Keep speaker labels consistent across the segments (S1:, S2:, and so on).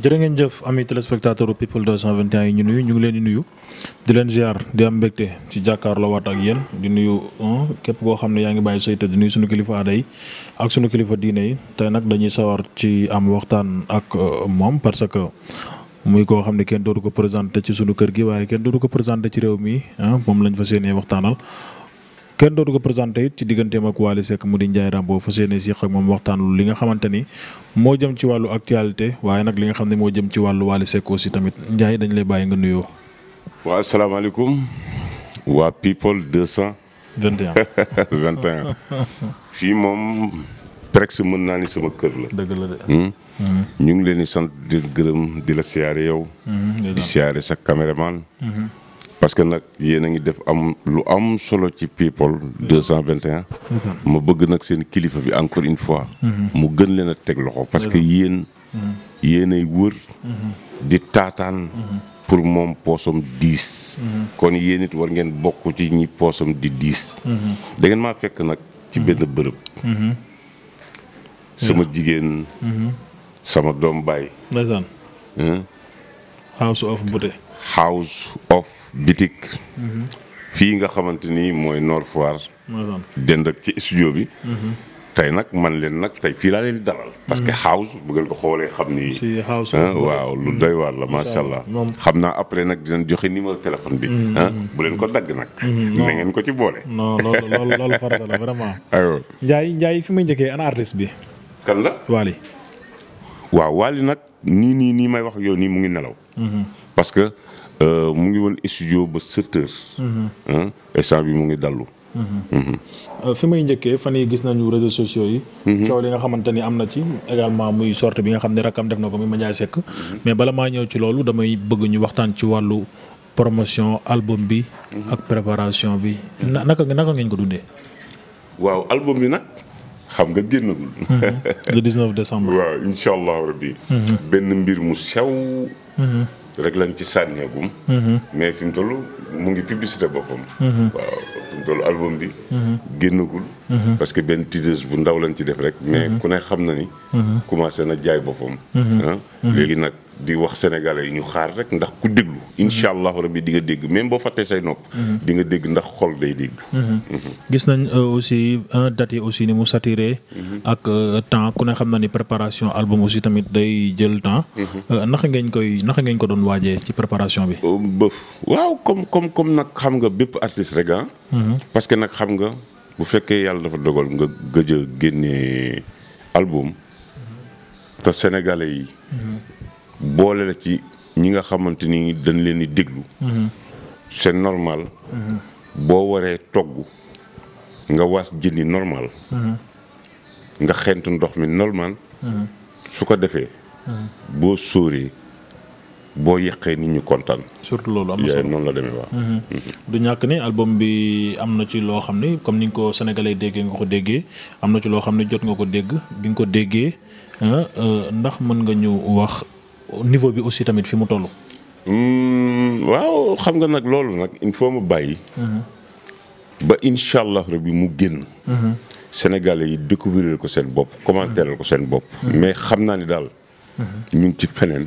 S1: jërë ngeen jëf ami téléspectateur people 221 yi ñu nuyu ñu ngi leen di nuyu di leen ziar di am mbégte ci jàkkaarloo waat ak yéen di nuyu képp koo xam ne yaa ngi bàyyi say di nuy suñu kilifa aada yi ak suñu kilifa diine yi tey nag dañuy sawar ci am waxtaan ak euh, moom parce que muy koo xam ne kenn dootu ko présenté ci suñu kër gi waaye kenn dootu ko présenté ci réew mi moom lañ fa séenee waxtaanal. kenn dootu ko présenté it ci digganteem ak Wally Seck mu di Ndiaye Rambo fas yéene si ak moom waxtaan li nga xamante ni moo jëm ci wàllu waaye nag li nga xam ne moo jëm ci wàllu Wally Seck aussi tamit Ndiaye dañ lay bàyyi nga nuyoo.
S2: waaw salaamaaleykum waa people 200. 21 21 fii moom presque mën naa ni sama kër la. dëgg la de. Hmm? Hmm. ñu ngi leen di sant di gërëm di la siyaare yow. Hmm, di siyaare sa caméraman. parce que nag yéen a ngi def am lu am solo ci people 221. ma bëgg nag seen kilifa bi encore fois. Mhm. mu gën leen a teg loxo parce que yéen. Mhm. ay wër. Mhm. di taataan. pour moom poosam diis. kon yéen it war ngeen bokk ci ñi poosam di diis. dangeen ngeen maa fekk nag ci benn bërëb. sama jigéen. sama doom baay. house of bitik fii nga xamante ni mooy Nord Foire dend ak ci studio bi mhm. tey nag man leen nag tey fii laa leen di dalal parce que mhm. house bu ngeen ko xoolee xam ni ah, waaw lu mhm. doy waar la macha allah xam naa après nag dinañ joxe numéro téléphone bi ah, bu leen ko dagg nag na ngeen ko ci boole non loolu
S1: loolu farata la
S2: vraiment fi may njëkkee ana artiste bi kan la Wally waaw Wally nag nii nii nii may wax yow nii mu ngi nelaw parce que Euh, mu ngi woon studio ba sept heures. Mhm. instant bi mu ngi dallu. Mhm. Mhm.
S1: Euh, fi may njëkkee fan yi gis nañu réseaux sociaux yi. coow li nga xamante ni am na ci également muy sorte bi nga xam ne rakkam def na ko muy Mandiaye Seck. mais bala maa ñëw ci loolu damay bëgg ñu waxtaan ci wàllu promotion album bi. ak préparation bi.
S2: na naka naka ngeen ko dundee. waaw album bi nag xam nga génnagul. le 19 décembre. waaw incha allahu rabbi benn mbir mu sew. rek lañ ci sànneegum mhm. mais fi mu mu ngi publicité boppam mhm. waaw fi mu album bi mhm. génnagul parce que benn tiddeuse bu ndaw lañ ci def rek mais ku ne xam na ni commencé na jaay boppam ah, léegi nag di wax sénégalais yi ñu xaar rek ndax ku déglu. incha allahu rabi di dégg même boo fàttee say nopp. di nga dégg ndax xol day dégg.
S1: gis nañ euh, aussi date yi aussi ni mu saturé. ak euh, temps ku ne xam na ni préparation album aussi tamit day jël temps. Mhm.
S2: Euh, naka ngeen koy naka ngeen ko doon waajee ci préparation bi. bëf waaw comme comme comme nag xam nga bépp artiste rek ah. Mhm. parce que nag xam nga bu fekkee yàlla dafa dogal nga gëj a génnee album. Mhm. te sénégalais yi. boole la ci ñi nga xamante ni dañ leen di déglu. Mhm. c'est normal. Mhm. boo waree togg nga waas jëndi normal. Mhm. nga xent ndox mi normal. su ko defee. boo sóoree boo yàqee nit ñu kontaan. surtout loolu am na solo la demee waaw.
S1: du ñàkk ni album bi am na ci loo xam ni comme ni nga ko senegalee déggee nga ko déggee am na ci loo xam ne jot nga ko dégg bi nga ko déggee euh, ndax mën nga ñu wax. niveau bi aussi tamit fi mu toll.
S2: Hmm, waaw xam nga nag loolu nag il faut mu bàyyi. Mhm. ba incha allah rabi mu génn. Mhm. Sénégalais yi découvrir ko seen bopp commenter ko seen bopp. Mhm. mais xam naa ni daal. ñu ngi ci feneen.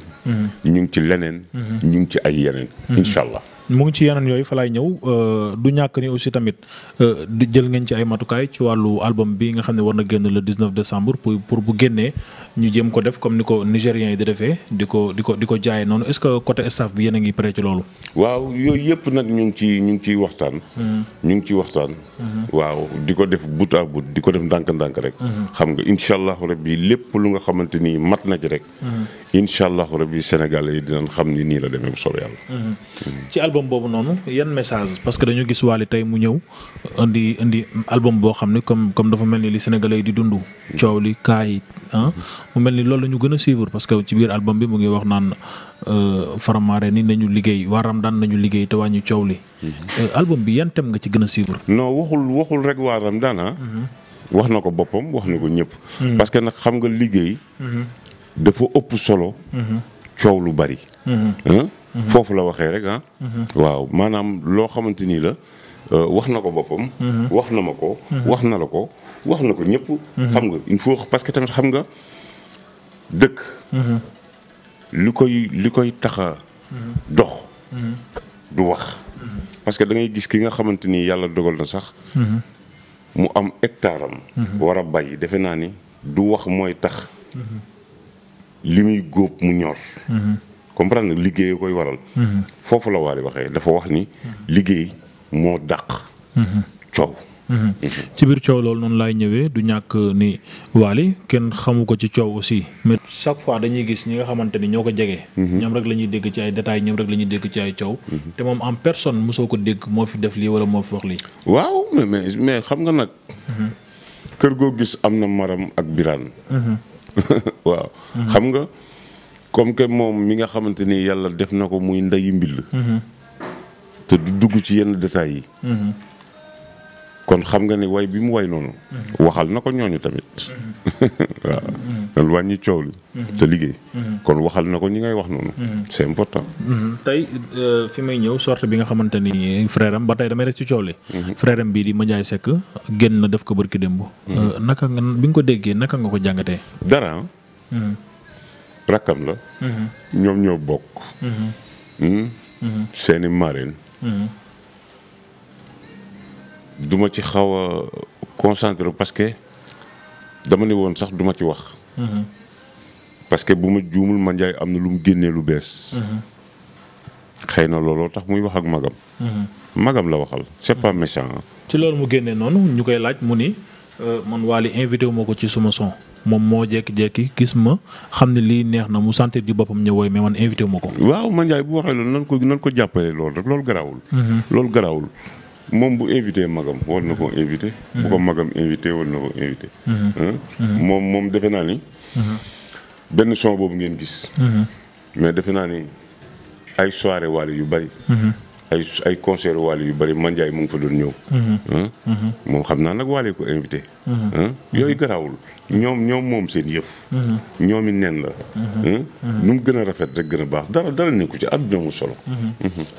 S2: ñu ngi ci leneen. ñu ngi ci ay yeneen. incha allah.
S1: mu ngi ci yeneen yooyu fa laay ñëw euh, du ñàkk ni aussi tamit euh, di jël ngeen ci ay matukaay ci wàllu album bi nga xam ne war na génn le 19 décembre pour pour bu génnee ñu jéem ko def comme ni ko nigériens yi di defee di ko di ko di ko jaayee noonu est-ce que côté staff bi yéen ngi pare ci loolu.
S2: waaw yooyu yëpp nag ñu ngi ci ñu ngi ciy waxtaan. Mm-hmm. ñu ngi ciy waxtaan. Mm-hmm. waaw di ko def bout à bout di ko def ndànk-ndànk rek. Mm-hmm. xam nga incha allah rabbi lépp lu nga xamante ni mat na ci rek. incha allahu rabi Sénégal yi dinañ xam ni nii la demee bu soobee yàlla. Mhm. ci album boobu noonu yan
S1: message parce que dañu gis Wally tey mu ñëw indi indi album boo xam ne comme comme dafa mel ni li Sénégalais yi di dund. coow li kaa ah, mu mel ni loolu la ñu gën a suivre parce que ci biir album bi mu ngi wax naan euh, faramaare ni nañu liggéey waaram daan nañu liggéey te wàññi coow li. Mhm. Euh,
S2: album bi yan thème nga ci gën a suivre. non waxul waxul rek waaram daan ah. mhm. wax na ko boppam wax na ko ñëpp. parce que nag dafa ëpp solo. coow lu bari. Mm-hmm. foofu la waxee rek ah. waaw maanaam loo xamante ni la euh, wax na ko boppam. Mm-hmm. wax na ma ko. wax na la ko wax na ko ñëpp. xam nga il faut parce que tamit xam nga dëkk. li koy li koy tax a dox. du wax. parce que da gis ki nga xamante ni yàlla dogal na sax. mu am hectare war a bay defe naa ni du wax mooy tax. li muy góob mu ñor. Mhm. comprendre nga liggéey koy waral. Mhm. foofu la Wally waxee dafa wax ni. liggéey moo dàq. Mhm. coow.
S1: ci biir coow loolu noonu laay ñëwee du ñàkk ni waali kenn xamu ko ci coow aussi mais chaque fois dañuy gis ñi nga xamante ni ñoo ko jege. ñoom rek la ñuy dégg ci ay détails ñoom rek la dégg ci ay coow. te moom am personne mosoo ko dégg moo fi def lii wala moo fi wax lii.
S2: waaw mais mais mais xam nga nag. kër goo gis am na maram ak biraan. waaw mhm. xam nga comme que moom mi nga xamante ni yàlla def na ko muy ndeyu mbill mhm. te du dugg ci yenn détails yi mhm. kon xam nga ni way bi mu way noonu waxal na ko ñooñu tamit waaw loolu wàññi coow li te liggéey kon waxal na ko ñi ngay wax noonu c'est important
S1: tey euh, fi may ñëw sorte bi nga xamante ni frère am ba tey damay rek ci coow li frère am bii di Mandiaye Seck génn na def ko barki démb euh, naka nga bi ko déggee naka nga ko jàngatee
S2: dara rakkam la ñoom ñoo bokk hmm? seeni marraine duma ci xaw a concentré dama ne woon sax du ma ci wax. Mhm. parce que bu ma juumul man Ndiaye am na lu mu génnee lu bees. Mhm. xëy na looloo tax muy wax ak magam. Mhm. magam la waxal c'est pas méchant.
S1: ci loolu mu génnee noonu ñu koy laaj mu ni euh, man waali invité wu ko ci suma son moom moo jékki-jékki gis ma xam ne lii neex na mu sentir di boppam ñëwooy mais man invité wu ma ko.
S2: waaw man Ndiaye bu waxee loolu nan ko nan ko jàppale loolu rek loolu garaawul. loolu garaawul moom bu invité magam war na koo invité. bu ko magam invité war na ko invité. Mm-hmm. moom moom defe naa ni. Mm-hmm. benn son boobu ngeen gis. Mm-hmm. mais defe naa ni ay soirée waale yu bari. ay ay concert Wally yu bëri man Ndiaye mu ngi fa doon ñëw. Mm-hmm. Mm-hmm. moom xam naa nag Wally ko invité. Mm-hmm. yooyu garaawul ñoom ñoom moom seen yëpp ñoom it neen la. nu mu gën a rafet rek gën a baax dara dara nekku ci àdduna mu solo.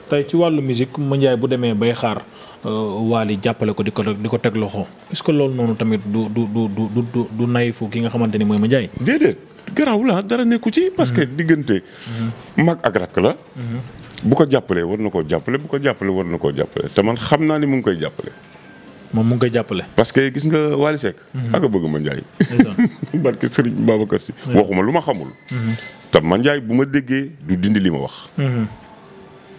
S1: tey ci wàllu musique man bu demee bay xaar euh, Wally jàppale ko di ko di ko teg loxo est-ce que loolu noonu tamit du du du du
S2: du nayifu ki nga xamante ni mooy ma Ndiaye. déedéet garaawul ah, dara nekku ci parce que diggante. mag ak rakk la. bu ko jàppalee war na koo jàppale bu ko jàppale war na koo jàppale te man xam naa ni mu ngi koy jàppale. moom mu ngi koy jàppale. parce que gis nga Wally Seck. Mhm. ak a bëgg ma Ndiaye. barke Serigne lu ma xamul. Mhm. te ma Ndiaye bu ma déggee du dindi li ma wax. Mhm.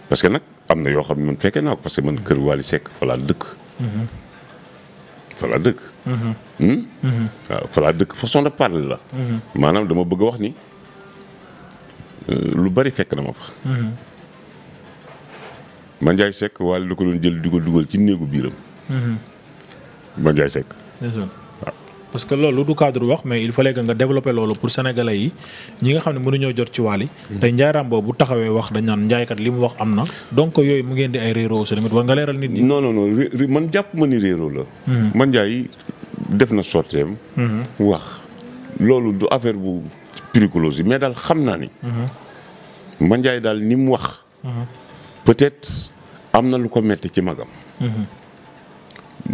S2: parce que nag am na yoo xam ne man fekkee naa ko parce que man kër Wally Seck fa laa dëkk. fa laa dëkk. Hmm? waaw fa laa façon de parler la. maanaam dama bëgg a wax ni euh, lu bari fekk na ma fa. Mandiaye Seck waale da ko doon jël dugal dugal ci néegu biiram. Mhm. Mandiaye Seck.
S1: waaw parce que loolu du cadre wax mais il fallait que nga développer loolu pour sénégalais yi ñi nga xam ne mënuñoo jot ci waali mhm. te njaaram boobu bu taxawee wax dañ njaaykat li mu wax am na donc yooyu mu ngeen di ay réeroo aussi tamit war nga leeral nit ñi. non
S2: non man jàpp ma ni réeroo la. Mhm. Mandiaye def na sorteem. wax loolu du affaire bu. mais daal xam naa ni. Mandiaye daal ni peut-être am na lu ko metti ci magam. Mm-hmm.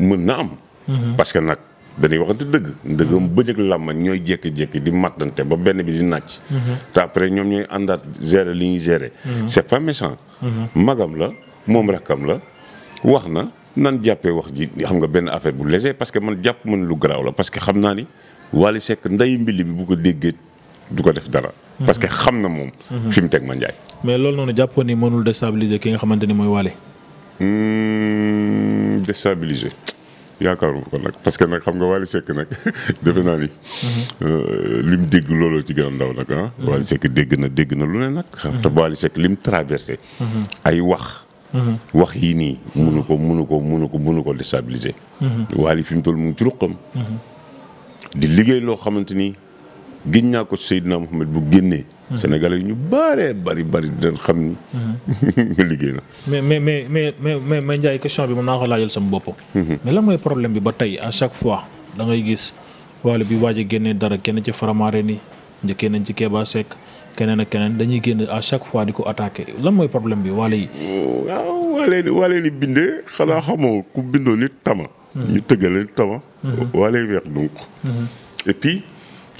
S2: mën na am. Mm-hmm. parce que nag dañuy waxante dëgg. ndëggam mm-hmm. bëjëg làmmañ ñooy jékki-jékki di mattante ba benn bi di nàcc. te après ñoom ñooy àndaat gérer li ñuy gérer. c'est pas méchant. magam la moom rakkam la wax na nan jàppee wax ji xam nga benn affaire bu léger parce que man jàpp man lu garaaw la parce que xam naa ni Wally Seck ndeyu mbili bi bu ko déggee du ko def dara. parce que xam na moom. fi mu teg ma njaay.
S1: mais loolu noonu jàppoon ni mënul déstabiliser ki nga xamante ni mooy Wally.
S2: Hmm, déstabiliser yaakaaruma ko nag parce que nag xam nga Wally Seck nag defe naa ni. Mhm. Euh, lim dégg looloo ci gën a ndaw nag ah. Mhm. Wally dégg na lu ne nag. Mhm. te Wally lim traversé. ay wax. wax yii nii munu ko munu ko munu ko munu ko déstabiliser. Wally fi mu toll ci ruqam. di liggéey loo xamante ni. giñ naa ko Seydina Mohamed bu génnee. Hmm. Sénégalais yi ñu bëree bëri bëri dinañ xam ni. nga hmm. liggéey na.
S1: mais mais mais mais mais mais Ndiaye question bi mën naa ko laajal sama bopp. Hmm. mais lan mooy problème bi ba tey à chaque fois dangay gis wàllu bi waaj génnee dara kenn ci faramaare ni njëkkee nañ ci Kéba Seck keneen ak keneen dañuy génn à chaque fois di ko attaqué lan mooy problème bi waale yi.
S2: waaw waale yi waale yi bindee xanaa xamoo ku bindoo nit tama. ñu tëggalee tama. waale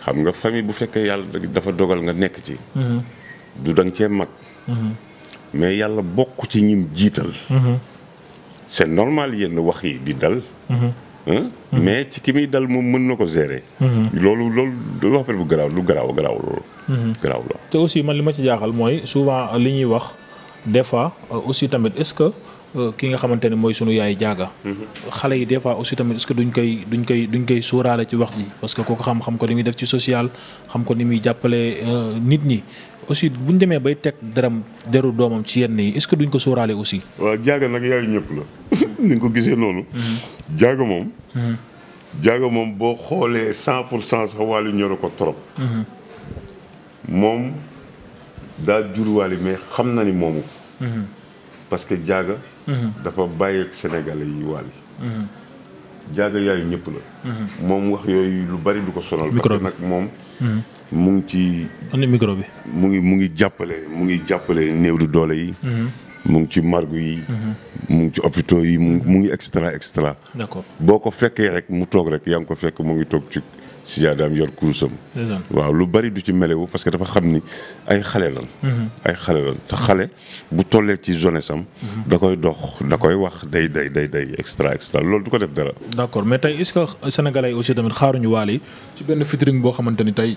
S2: xam nga famille bu fekkee yàlla dafa dogal nga nekk ci. Mhm. du danga cee mag. Mhm. mais yàlla bokk ci ñim jiital. Mhm. c'est normal yenn wax yi di dal. mais ci ki muy dal moom mën na ko gérer. loolu loolu du wax bu garaaw lu garaaw loolu. garaaw la
S1: te aussi man li ma ci jaaxal mooy souvent li ñuy wax des fois euh, aussi tamit est Euh, ki nga xamante ne mooy sunu yaay jaaga. Mm-hmm. xale yi des fois aussi tamit est-ce que duñ koy duñ koy duñ koy sóoraale ci wax ji parce que kooku xam-xam ko li muy def ci social xam ko ni muy jàppale euh, nit ñi aussi buñ demee bay teg deram deru doomam ci yenn yi est-ce que duñ ko sóoraale aussi.
S2: waaw jaaga nag yaayu ñëpp la. ni ko gisee noonu. jaaga mm-hmm. moom. jaaga mm-hmm. moom boo xoolee cent pour cent sax ko trop. moom daa jur Wally mais xam na ni moomu. parce que jaaga. Mm-hmm. dafa bàyyi ak sénégalais yi waal yi
S1: mm-hmm.
S2: jaaga yaayu ñëpp la mm-hmm. moom wax yooyu lu bari du ko sonal parce que nag moom mu ngi ci andi micro bi mu ngi mu ngi jàppale mu ngi jàppale néew du doole yi mu ngi ci margu yi mu ngi ci hôpitaux yi mu ngi mu ngi extra extra d'accord boo ko fekkee rek mu toog rek yaa ngi ko fekk mu ngi toog ci sijaadaam yor kurusam waaw lu bari du ci melewu parce que dafa xam ni ay xale lan mhm. ay xale lan te xale bu tollee ci jeunesse am mhm. da koy dox da koy wax day day day day extra extra lool du ko def dara
S1: d'accord mais tey est-ce que sénégalais yi aussi tamit xaaruñu waal yi ci benn featuring boo xamante ni tey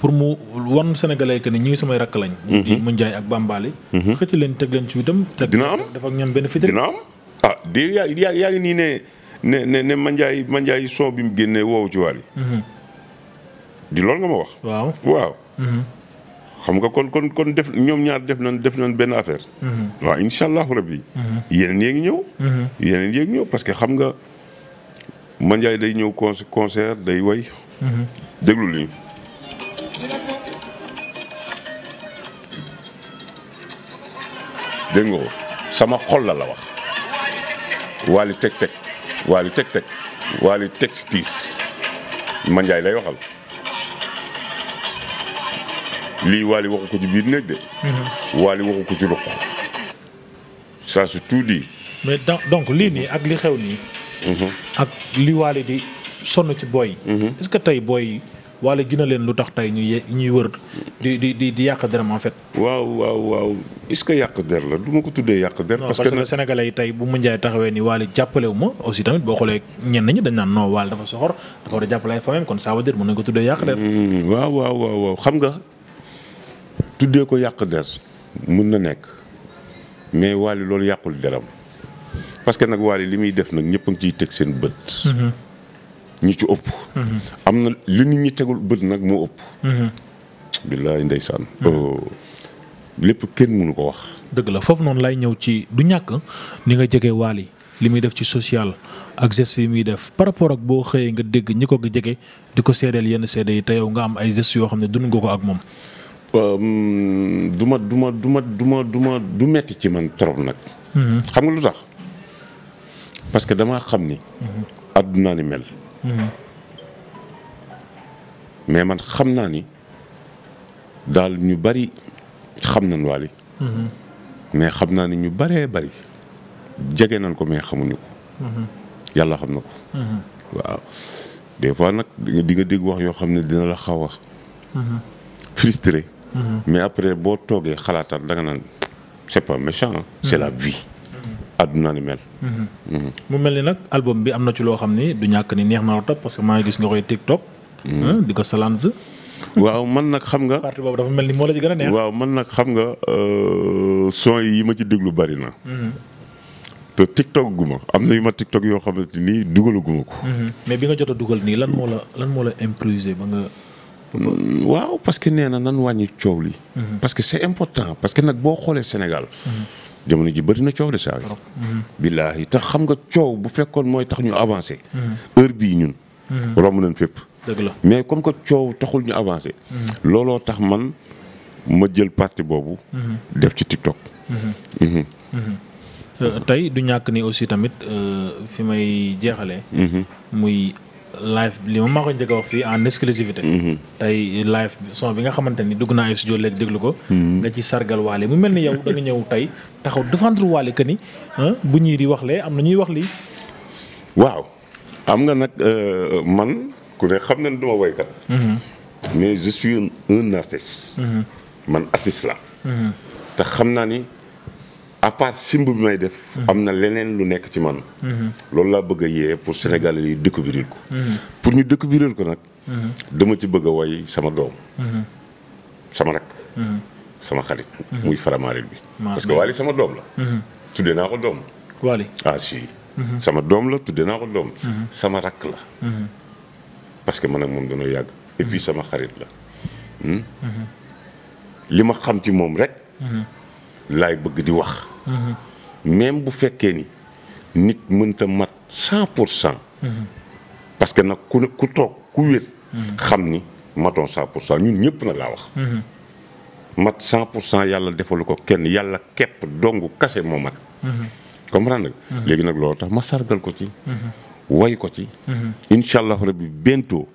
S1: pour mu wan sénégalais que ni ñi ngi samay rakk lañ
S2: mu mhm. njaay ak bambali xëcc
S1: leen teg leen ci itam
S2: dina am def ak ñoom benn featuring dina am ah di yaa yaa ngi nii ne ne ne manjaay manjaay son bi mu génnee woowu ci Wally mhm. di loolu nga ma wax. waaw waaw. Mhm. xam nga kon kon kon def ñoom ñaar def nañ def nañ benn affaire. Mhm. waa incha allahu rabbi. yeneen yee ngi ñëw. yeneen yee ngi ñëw parce que xam nga manjaay day ñëw con day way. déglu li dégg sama xol la la wax Wally Tek Tek. Waly Tek Tek Waly teg si man Ndiaye lay waxal lii Waly waxu ko ci biir néeg de. Mhm. Waly waxu ko ci ruq. ça c'est tout dit.
S1: mais donc lii nii ak li xew nii. Mhm. ak li Waly di sonn ci booy. Mhm. est tey booy. wala gina leen lu tax tey ñuy ñuy wër di di di di yàq deram en fait.
S2: waaw waaw waaw est-ce que yàq der la du ma ko tuddee yàq der. parce que parce
S1: yi tey bu mu njaay taxawee ni waale jàppale wu ma aussi tamit boo xoolee ñenn ñi dañ naan non waale dafa soxor dafa war a jàppale ay famille kon
S2: ça veut dire mën nañu ko tuddee yàq der. Hmm, waaw waaw waaw waaw xam nga ko yàq der mën na nekk mais waale loolu yàqul deram parce que nag waale li muy def nag ñëpp a ngi ciy teg seen bët. Mm-hmm. ñu ci ëpp. am na li nit ñi tegul bët nag moo ëpp. billaay ndeysaan. Hmm. Oh. lépp kenn mënu ko wax.
S1: dëgg la foofu noonu lay ñëw ci du ñàkk ni nga jege Wally li muy def ci social ak gestes yi muy def par rapport ak boo xëyee nga dégg ñi ko nga jege di ko seedeel yenn seede yi te yow nga am ay gestes yoo xam ne dund nga ko ak
S2: moom. du ma du ma du ma du ma du ma du metti ci man trop nag. Hmm. xam nga lu tax parce que damaa xam ni. Hmm. àdduna ni mel. Mm-hmm. mais man xam naa ni daal ñu bari xam nañ Wally mm-hmm. mais xam naa ni ñu baree bari jege nañ ko mais xamuñu ko mm-hmm. yàlla xam na ko waaw des fois nag di nga dégg wax yoo xam ne dina la xaw a frustré mais après boo toogee xalaatal danga nga naan c'est pas méchant c'est la vie àdduna ni mel.
S1: mu mel ni nag album bi am na ci loo xam ni du ñàkk ni neex na la topp ma que maa gis nga koy TikTok.
S2: Mm-hmm. Ah, di ko salanse. waaw man nag xam nga. ni moo la ci a neex. waaw man nag xam nga euh, son yi ma ci déglu bari na. Mm-hmm. te TikTok gu ma am na yu ma TikTok yoo xamante ni dugalaguma ma ko.
S1: Mm-hmm. mais bi nga jot a dugal nii lan moo la lan moo la
S2: improvisé ba nga. Mm, waaw parce que nee na nan wàññi coow li. parce c'est important parce que nag boo xoolee Sénégal. jamono ji bëri na coow de saa yi. billaahi tax xam nga coow bu fekkoon mooy tax ñu avancé. Mm-hmm. heure bii ñun. Mm-hmm. romb nañ fépp. dëgg la mais comme que coow taxul ñu avancé. Mm-hmm. looloo tax man ma jël parti boobu. def ci TikTok.
S1: Euh, tey du ñàkk ni aussi tamit euh, fi may jeexalee. muy live li moom maa ko njëkk a wax fii en exclusivité mhm. tey live son bi nga xamante ni dugg naa ay studio léegi déglu ko mhm. nga ci sargal waale mu mel ni yow da nga ñëw tey taxaw défendre waale que ni bu ñuy di wax lee am na ñuy wax lii
S2: waaw am nga nag euh, man ku ne xam na ne du ma woykat mhm. mais je suis un artiste man artiste la te xam naa ni à part simb bi may def. am na leneen lu nekk ci man. Mhm. loolu laa bëgg a yee pour Sénégalais yi découvrir ko. Mhm. pour ñu découvrir ko nag. Mhm. ma ci bëgg a woy sama doom. sama rak. sama xarit. muy faramaareel bi. parce que Wally ah, sama doom la. tuddee naa ko doom. sama doom la tuddee naa ko sama rakk la. parce que man ak moom dañoo yàgg. et puis sama xarit la. Hmm? li ma xam ci moom rek. laay bëgg di wax. même bu fekkee ni nit mënta mat cent pour que nag ku ku toog ku wér. xam ni matoon cent pour cent ñun ñëpp nag laa wax. mat yàlla defalu ko kenn yàlla képp dongu kase moo mat. comprendre léegi nag loolu tax ma sargal ko ci. way ko ci. incha allahu rabi bientôt.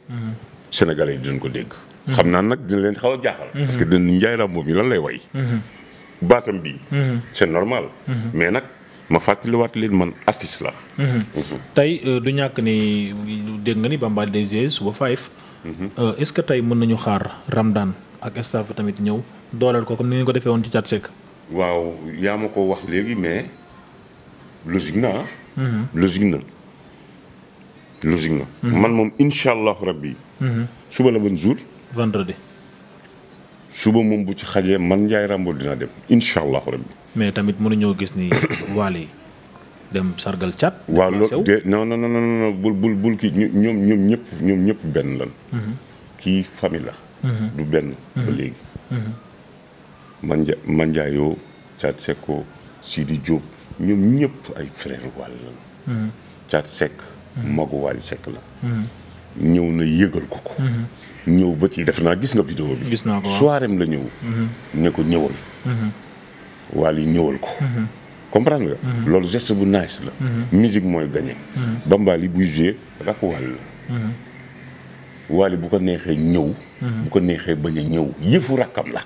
S2: Sénégalais yi dinañ ko dégg. xam naa nag dina leen xaw a jaaxal. parce que njaay Rambo mi lan lay way. baatam bi mhm. c'est normal mhm. mais nag ma fàttali waat leen man artiste la mhm.
S1: tey euh, du ñàkk
S2: ni dégg nga ni Bamba DG suba Five
S1: euh, est-ce que tey mën nañu xaar Ramdan ak staff tamit ñëw dooleel ko comme ni ngeen ko defee
S2: woon ci Thiat Seck waaw yaa ma ko wax léegi mais logique na ah na logique na man moom incha allahu rabbi suba la bon jour vendredi suba moom bu ci xajee man Ndiaye Rambo dinaa dem incha allahu rabbi.
S1: mais tamit ñoo gis ni Wally dem sargal cat. waaw loolu de
S2: non non non non bul bul bul kii ñoom ñoom ñëpp ñoom ñëpp benn lan. Mhm. kii famille la. Mhm. du benn. ba mhm. léegi. man Ndiaye man Ndiaye yoo Thiat Seck ñoom ñëpp ay frère Wally lan. Thiat Seck. magu Wally Seck la. ñëw na yëgal ko ko. Mm-hmm. ñëw ba ci def naa gis nga vidéo bi. gis la ñëw. Mm-hmm. ne ko ñëwal. Mm-hmm. waal yi ñëwal ko. comprendre nga. loolu geste bu nice la. musique mooy gagné. Bambaali buy joué rakk la. waali bu ko neexee ñëw. bu ko neexee bañ a ñëw yëfu rakkam la.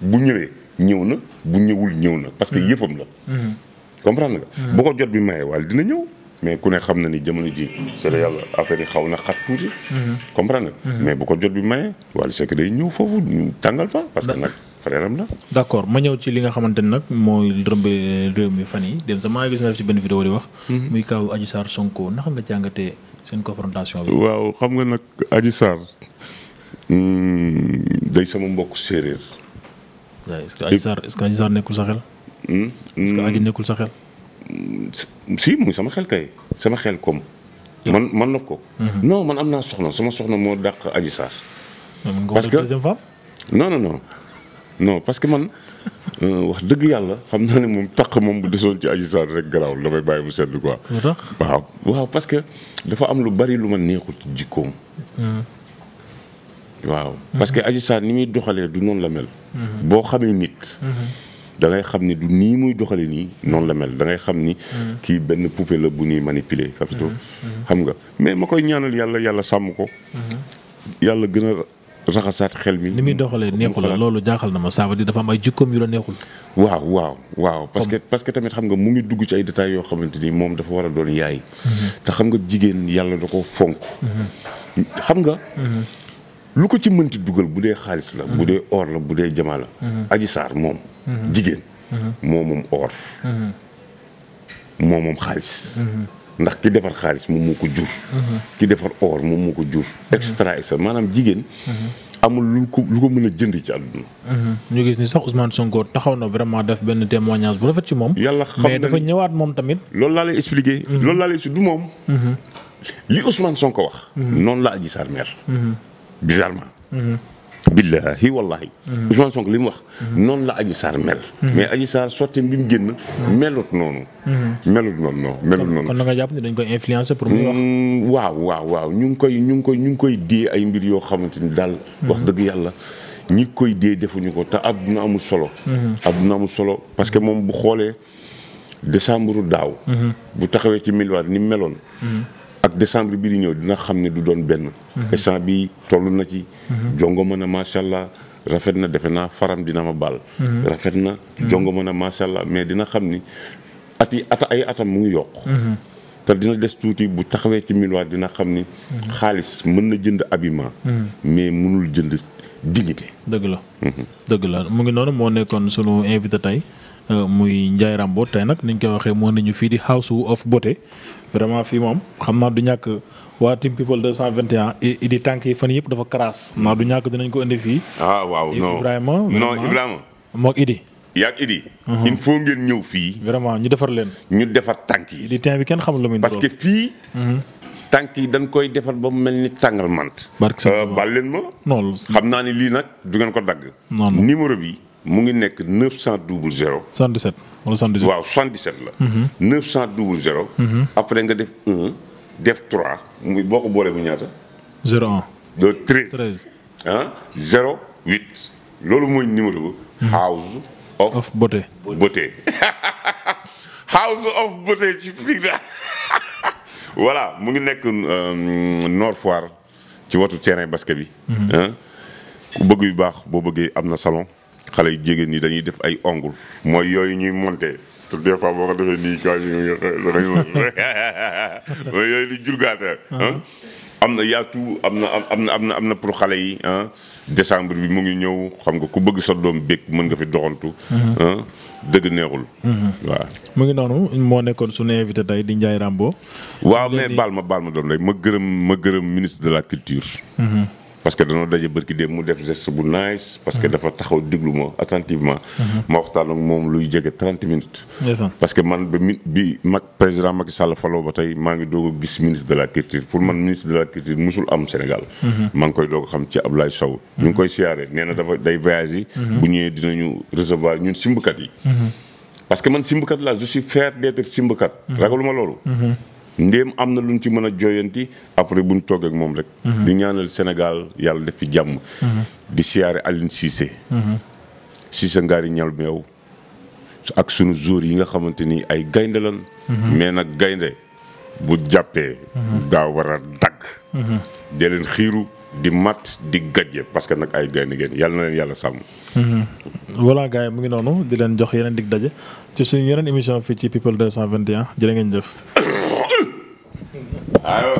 S2: bu ñëwee ñëw na bu ñëwul ñëw na parce que yëfam la. comprendre nga. bu ko jot bi maye waali dina ñëw. mais ku ne xam na ni jamono ji c'est la yàlla affaire yi xaw na xat tuuti. Mm-hmm. comprendre nga. Mm-hmm. mais bu ko jot bi maye. Wally Seck day ñëw foofu tàngal fa parce que nag frère am la.
S1: d'accord ma ñëw ci li nga xamante ne nag mooy rëmbe réew mi fan yi dem sax maa ngi gis na def ci benn vidéo di wax. Mm-hmm. muy kaw Adji saar Sonko naka nga jàngatee seen confrontation bi. waaw
S2: xam nga nag Adji Sarr mm, day sama mbokk séeréer. waaye ce que Adji Sarr est-ce nekkul sa xel. Hmm? est hmm. nekkul sa xel. si muy sama xel kay sama xel kom man man na ko. Mhm. no man am naa soxna suma soxna moo dàq Adji Sarr. parce que non non non non parce que man euh, wax dëgg yàlla xam naa ne moom taq moom bu desoon ci Adji Sarr rek garaawul damay bàyyi mu sedd quoi. waaw waaw parce que dafa am lu bari lu ma neexul ci jikkoom. Mhm. waaw mhm. parce que Adji Sarr ni muy doxalee du noonu la mel. boo xamee nit. da xam ni du nii muy doxale nii noonu la mel da ngay xam ni. Hmm. kii benn poupée la bu ñuy manipuler. capito hmm. hmm. xam nga mais ma koy ñaanal yàlla yàlla sàmm ko. yàlla gën a raxasaat xel mi. ni muy
S1: doxalee neexul la loolu jaaxal na ma ça veut dire dafa ay jikkoom yu la neexul.
S2: waaw waaw waaw parce que parce que tamit xam nga mu ngi dugg ci ay détails yoo xamante ni moom dafa war a doon yaay. te xam nga jigéen yàlla da ko fonk. xam nga. lu ko ci mënti dugal bu dee xaalis la. bu dee or la bu dee jamaa la. aji saar moom. Mm-hmm. jigéen. moo mm-hmm. moom or. moo mm-hmm. moom xaalis. ndax ki defar xaalis moom moo ko jur. ki defar or moom moo ko jur. extra extra maanaam jigéen. amul lu ko lu ko mën a jënd ci àdduna.
S1: ñu gis ni sax Ousmane Sonko taxaw na vraiment def benn témoignage bu rafet ci moom. yàlla xam mais dafa
S2: ñëwaat moom tamit. loolu laa lay expliqué. loolu laa lay su du moom. li Ousmane Sonko wax. noonu la Adji Sarr mer. billahi wallahi mm-hmm. Ousmane Sonko li mu wax mm-hmm. noonu la Adji Sarr mel mm-hmm. mais Adji Sarr sotti bi mu génn melut noonu melut noonu non melut noonu kon
S1: na jàpp ne dañ koy influencer pour mu
S2: mm, waaw waaw waaw ñu ngi koy ñu ngi koy ñu ngi koy dee ay mbir yoo xamante ni daal wax dëgg yàlla ñi koy dee defuñu ko te àdduna amu solo àdduna amul solo parce que moom bu xoolee décembre daaw bu taxawee ci milliard ni meloon ak décembre bi di ñëw dina xam ne du doon benn. Mhm. instant bi toll na ci. Mhm. jongo mën a macha allah rafet na defe naa faram dina ma baal. Mhm. rafet na jongo mën a allah mais dina xam ni at at ay atam mu ngi yokk. te dina des tuuti bu taxawee ci milliard dina xam ni. xaalis mën na jënd habillement. mais mënul jënd dignité.
S1: dëgg la dëgg la mu ngi noonu moo nekkoon sunu invité tey euh, muy Ndiaye Rambo tey nag niñ koy waxee moo nañu fii di house of beauté vraiment fii moom xam naa du ñàkk waa team people 221 idi tànk yi fan yëpp dafa karaas naa du ñàkk dinañ ko indi fii. ah waaw non Ibrahima non Ibrahima.
S2: idi. yaa ngi idi. Uh-huh. il faut ñëw fii. vraiment ñu defar leen. ñu defar tànk yi. idi bi kenn xam lu muy. parce que fii. Uh-huh. tànk yi dañ koy defar ba mu mel ni tàngal mant. barke euh, leen ma. non xam naa ni lii nag du ngeen ko dagg. numéro bi. mu ngi nekk 900 double 0. 77 wala 77. waaw 77 la. 900 mhm. double 0. Mhm. après nga def 1 def 3 boo ko boolee mu ñaata. 01. loolu mooy numéro mhm. house of. of house of beauté ci Fida. voilà mu ngi nekk euh, Nord ci watu terrain basket bi. ku bëgg yu baax boo bëggee am na salon. xale yu jigéen ñi dañuy def ay ongles mooy yooyu ñuy monté te des fois boo ko defee nii kaay bi mooy yooyu di jurgaata uh-huh. am na yaatu am na am na am na am na pour xale yi décembre bi mu ngi ñëw xam nga ku bëgg sa doom bég mën nga fi doxantu. Uh-huh. dëgg neexul. Uh-huh. waaw
S1: mu ngi noonu moo nekkoon suñu invité tey di Ndiaye Rambo.
S2: waaw mais baal ma baal ma doom rek ma gërëm ma gërëm ministre de la culture. parce que danoo daje bërki dem mu def geste bu nice. parce que mhm. dafa taxaw diglu ma attentivement. Mhm. ma waxtaan ak moom luy jege trente minutes. parce que man ba mi bi mag président Macky Sall faloo ba tey maa ngi doog a gis ministre de la culture pour man ministre de la culture musul am Sénégal. Mhm. maa ngi koy doog a xam ci Ablaye Sow. ñu ngi koy siyaare nee na dafa day voyage yi. bu ñëwee dinañu recevoir ñun simbukat yi. parce que man simbukat la je suis fier d'être simbukat. ndéem am na lu ñu ci mën a joyanti après bu ñu toog moom rek. Mhm. di ñaanal Sénégal yàlla def fi jàmm. Mhm. di siyaare Aline Cissé. Mhm. Cissé ngaari ñal meew ak sunu jour yi nga xamante ni ay gaynde lañ mais nag gaynde bu jàppee. daa war a dagg. dee leen xiiru di mat di gajje parce que nag ay gaynde ngeen yàlla na yàlla sàmm.
S1: voilà gars mu ngi noonu di leen jox yeneen dig daje ci suñu yeneen émission fii ci people 221 jërë ngeen jëf.
S3: I,